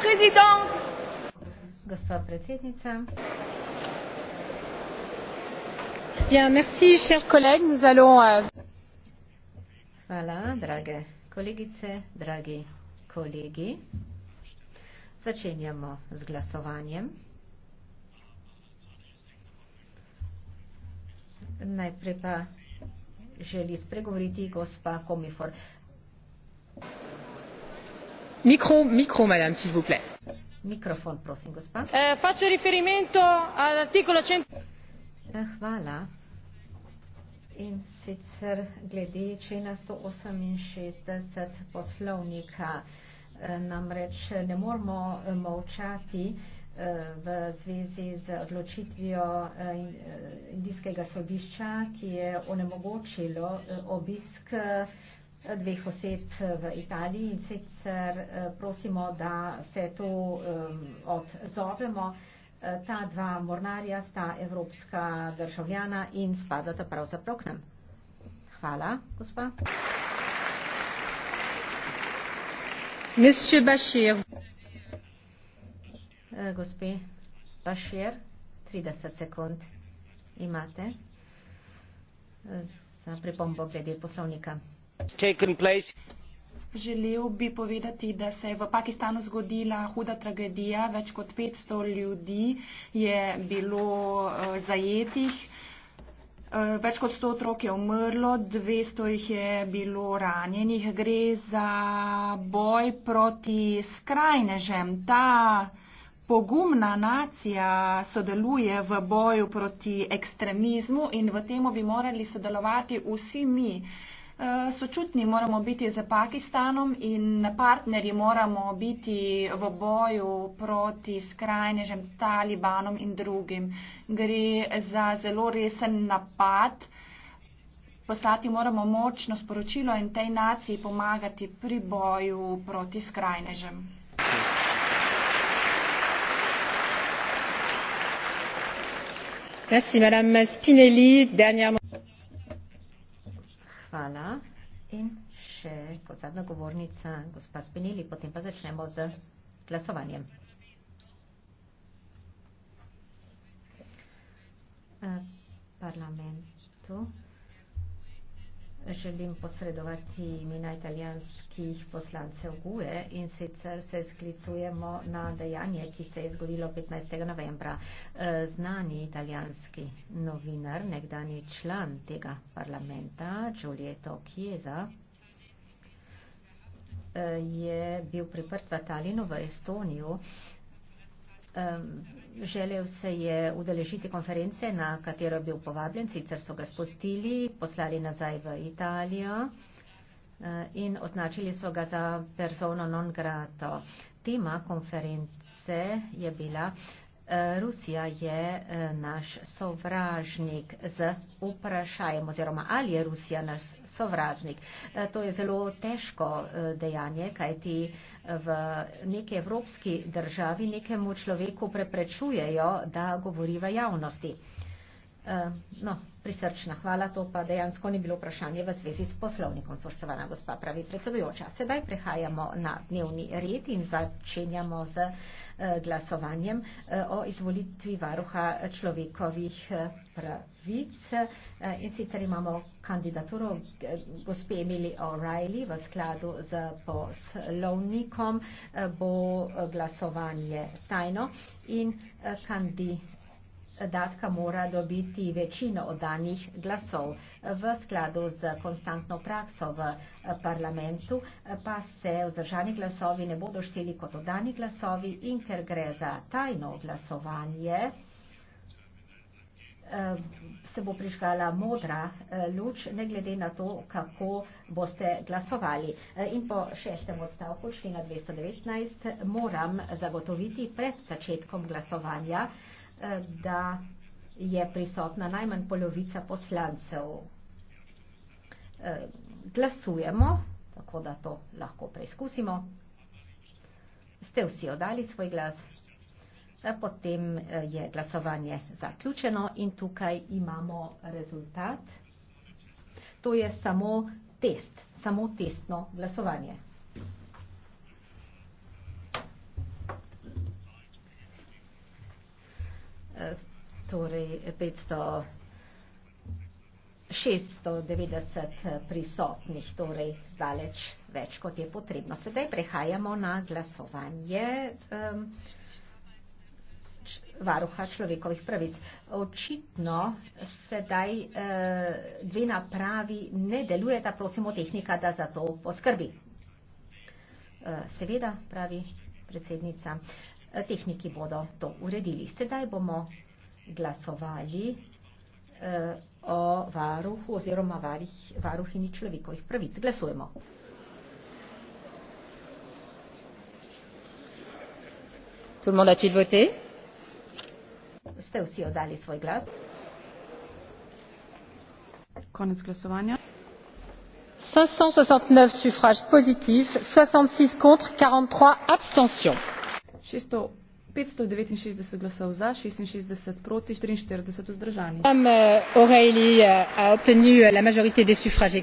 présidente. Gospod predsednica. Bien, merci, chers collègues. Nous allons. Euh... Voilà, drage kolegice, dragi kolegi. Začenjamo z glasovanjem. Najprej pa želi spregovoriti gospa Komifor. Uh, Eh, faccio riferimento all'articolo. Eh, hvala in sicer glede četristo oseminšestdeset poslovnika eh, namreč ne moremo molčati v zvezi z odločitvijo indijskega sodišča ki je onemogočilo obisk dveh oseb eh, v Italiji in sicer eh, prosimo, da se to eh, odzovemo. Ta dva mornarja sta evropska državljana in spadata pravzaprav k nam. Hvala, gospa. Monsieur Bashir. Gospe Bashir, 30 sekund imate za pripombo glede poslovnika. Želel bi povedati, da se je v Pakistanu zgodila huda tragedija. Več kot 500 ljudi je bilo uh, zajetih. Eh, več kot 100 otrok je umrlo, 200 jih je bilo ranjenih. Gre za boj proti skrajnežem. Ta pogumna nacija sodeluje v boju proti ekstremizmu in v tem bi morali sodelovati vsi mi. Uh, Eh, sočutni moramo biti z Pakistanom in partnerji moramo biti v boju proti skrajnežem Talibanom in drugim. Gre za zelo resen napad. Poslati moramo močno sporočilo in tej naciji pomagati pri boju proti skrajnežem. Merci, madame Spinelli. Dernière... kot zadnja govornica gospa Spinelli, potem pa začnemo z glasovanjem. Eh, parlamentu želim posredovati imena italijanskih poslancev GUE in sicer se sklicujemo na dejanje, ki se je zgodilo 15. novembra. Eh, znani italijanski novinar, nekdani član tega parlamenta, Giulietto Chiesa, je bil priprt v Talinu v Estoniju. Želel se je udeležiti konference, na katero je bil povabljen, sicer so ga spustili, poslali nazaj v Italijo e, in označili so ga za persona non grato. Tema konference je bila uh, Rusija je eh, naš sovražnik z vprašajem oziroma ali je Rusija naš sovražnik. Eh, to je zelo težko eh, dejanje, kajti v neki evropski državi nekemu človeku preprečujejo, da govori v javnosti. No, prisrčna hvala, to pa dejansko ni bilo vprašanje v zvezi s poslovnikom, spoštovana gospa pravi predsedujoča. Sedaj prehajamo na dnevni red in začenjamo z eh, glasovanjem eh, o izvolitvi varuha človekovih eh, pravic. In sicer imamo kandidaturo gospe Emily O'Reilly v skladu z poslovnikom, bo glasovanje tajno in kandidat datka mora dobiti večino oddanih glasov. V skladu z konstantno prakso v eh, parlamentu eh, pa se vzdržani glasovi ne bodo šteli kot oddani glasovi in ker gre za tajno glasovanje, eh, se bo prižgala modra luč, ne glede na to, kako boste glasovali. In po šestem odstavku člena 219 moram zagotoviti pred začetkom glasovanja, da je prisotna najmanj polovica poslancev. E, glasujemo, tako da to lahko preizkusimo. Ste vsi oddali svoj glas? E, potem e, je glasovanje zaključeno in tukaj imamo rezultat. To je samo test, samo testno glasovanje. torej 500 690 prisotnih, torej zdaleč več kot je potrebno. Sedaj prehajamo na glasovanje um, č, varuha človekovih pravic. Očitno sedaj uh, dve napravi ne deluje, da prosimo tehnika, da za to poskrbi. Uh, seveda, pravi predsednica, uh, tehniki bodo to uredili. Sedaj bomo glasovali eh, o varuhu oziroma varih, varuhini človekovih pravic. Glasujemo. Tout le monde a-t-il voté? Ste vsi oddali svoj glas? Konec glasovanja. 569 suffrages positifs, 66 contre, 43 abstentions. 569 glasov za, 66 proti, 44 vzdržani. Madame O'Reilly eh, eh, a obtenu eh, la majorité des suffrages.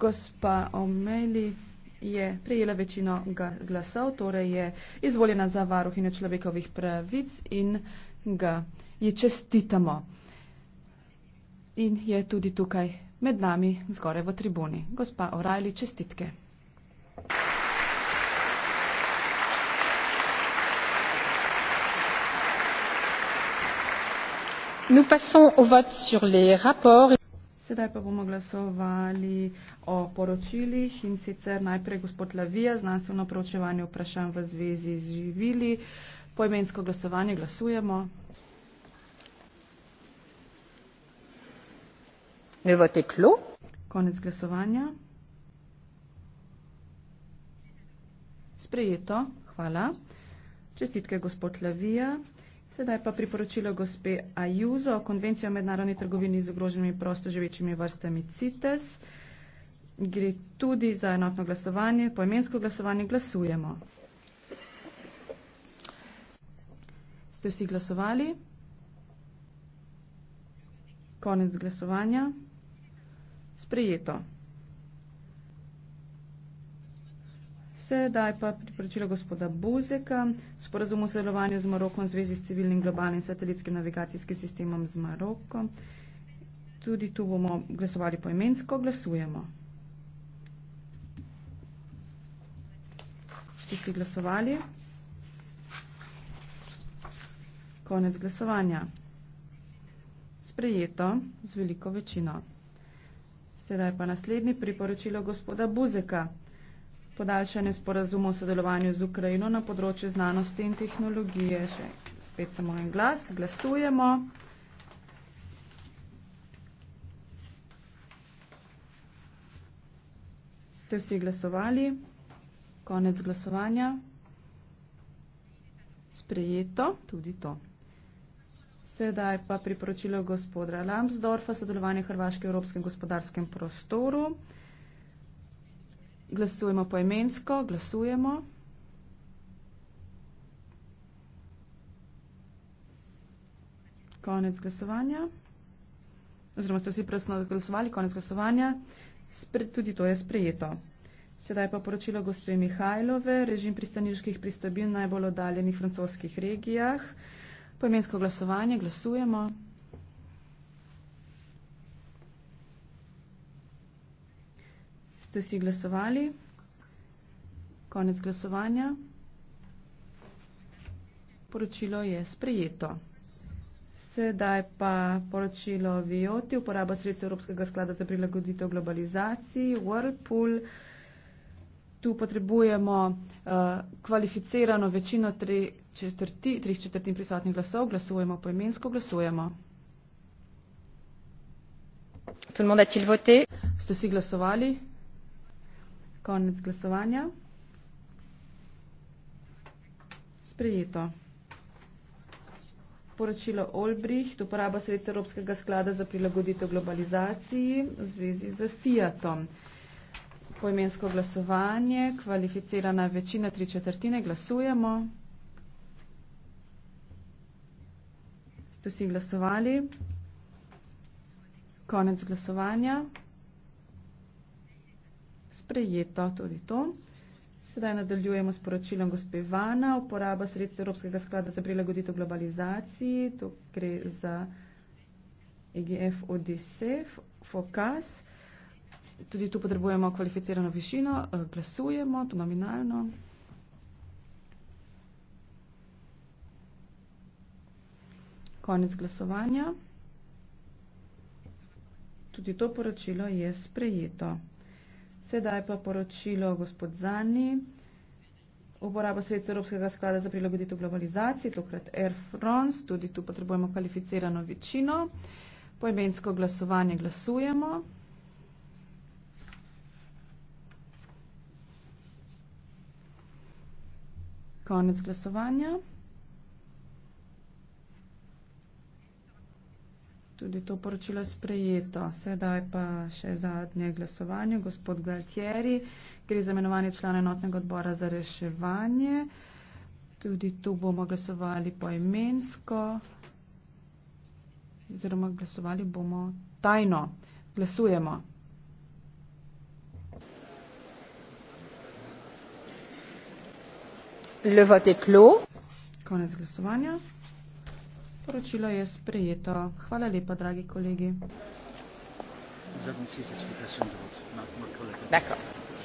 Gospa O'Reilly je prejela večino glasov, torej je izvoljena za varuhinjo človekovih pravic in ga je čestitamo. In je tudi tukaj med nami, zgore v tribuni. Gospa O'Reilly, čestitke. Nous passons au vote sur les rapports. Sedaj pa bomo glasovali o poročilih in sicer najprej gospod Lavija, znanstveno preučevanje vprašanj v zvezi z živili. Poimensko glasovanje glasujemo. Ne v teklu. Konec glasovanja. Sprejeto. Hvala. Čestitke, gospod Lavija. Sedaj pa priporočilo gospe Ajuzo, konvencija o mednarodni trgovini z ogroženimi prostoživečimi vrstami CITES. Gre tudi za enotno glasovanje, poimensko glasovanje glasujemo. Ste vsi glasovali? Konec glasovanja. Sprejeto. Sedaj pa priporočilo gospoda Buzeka, sporazum o sodelovanju z Marokom v zvezi s civilnim globalnim satelitskim navigacijskim sistemom z Marokom. Tudi tu bomo glasovali poimensko, glasujemo. Ti si glasovali? Konec glasovanja. Sprejeto z veliko večino. Sedaj pa naslednji priporočilo gospoda Buzeka podaljšanje sporazumov o sodelovanju z Ukrajino na področju znanosti in tehnologije. Še spet samo en glas. Glasujemo. Ste vsi glasovali? Konec glasovanja. Sprejeto tudi to. Sedaj pa priporočilo gospodra Lambsdorfa, sodelovanje Hrvaške v Evropskem gospodarskem prostoru. Glasujemo poimensko, glasujemo. Konec glasovanja. Oziroma ste vsi prosno glasovali, konec glasovanja. Spre, tudi to je sprejeto. Sedaj pa poročilo gospe Mihajlove, režim pristaniških pristobil v najbolj oddaljenih francoskih regijah. Poimensko glasovanje, glasujemo. ste vsi glasovali. Konec glasovanja. Poročilo je sprejeto. Sedaj pa poročilo Vioti, uporaba sredstev Evropskega sklada za prilagoditev globalizaciji, Whirlpool. Tu potrebujemo uh, kvalificirano večino treh četrtin prisotnih glasov. Glasujemo poimensko, glasujemo. Tout le monde a-t-il voté Ste vsi glasovali Konec glasovanja. Sprejeto. Poročilo Olbrih, uporaba sredstva Evropskega sklada za prilagoditev globalizaciji v zvezi z Fiatom. Poimensko glasovanje, kvalificirana večina, tri četrtine, glasujemo. Ste vsi glasovali? Konec glasovanja sprejeto tudi to. Sedaj nadaljujemo s poročilom gospe Vana, uporaba sredstva Evropskega sklada za prilagoditev globalizaciji, to gre za EGF ODSEF, FOKAS. Tudi tu potrebujemo kvalificirano višino, eh, glasujemo, to nominalno. Konec glasovanja. Tudi to poročilo je sprejeto. Sedaj pa poročilo gospod Zani. Uporaba sredstva Evropskega sklada za prilagoditev globalizaciji, tokrat Air France, tudi tu potrebujemo kvalificirano večino. Poimensko glasovanje glasujemo. Konec glasovanja. tudi to poročilo sprejeto. Sedaj pa še zadnje glasovanje. Gospod Galtieri, gre za imenovanje člana enotnega odbora za reševanje. Tudi tu bomo glasovali poimensko. Oziroma glasovali bomo tajno. Glasujemo. Le vote clos. Konec glasovanja. Poročilo je sprejeto. Hvala lepa, dragi kolegi. Zadnji sisečki, da sem dovolj.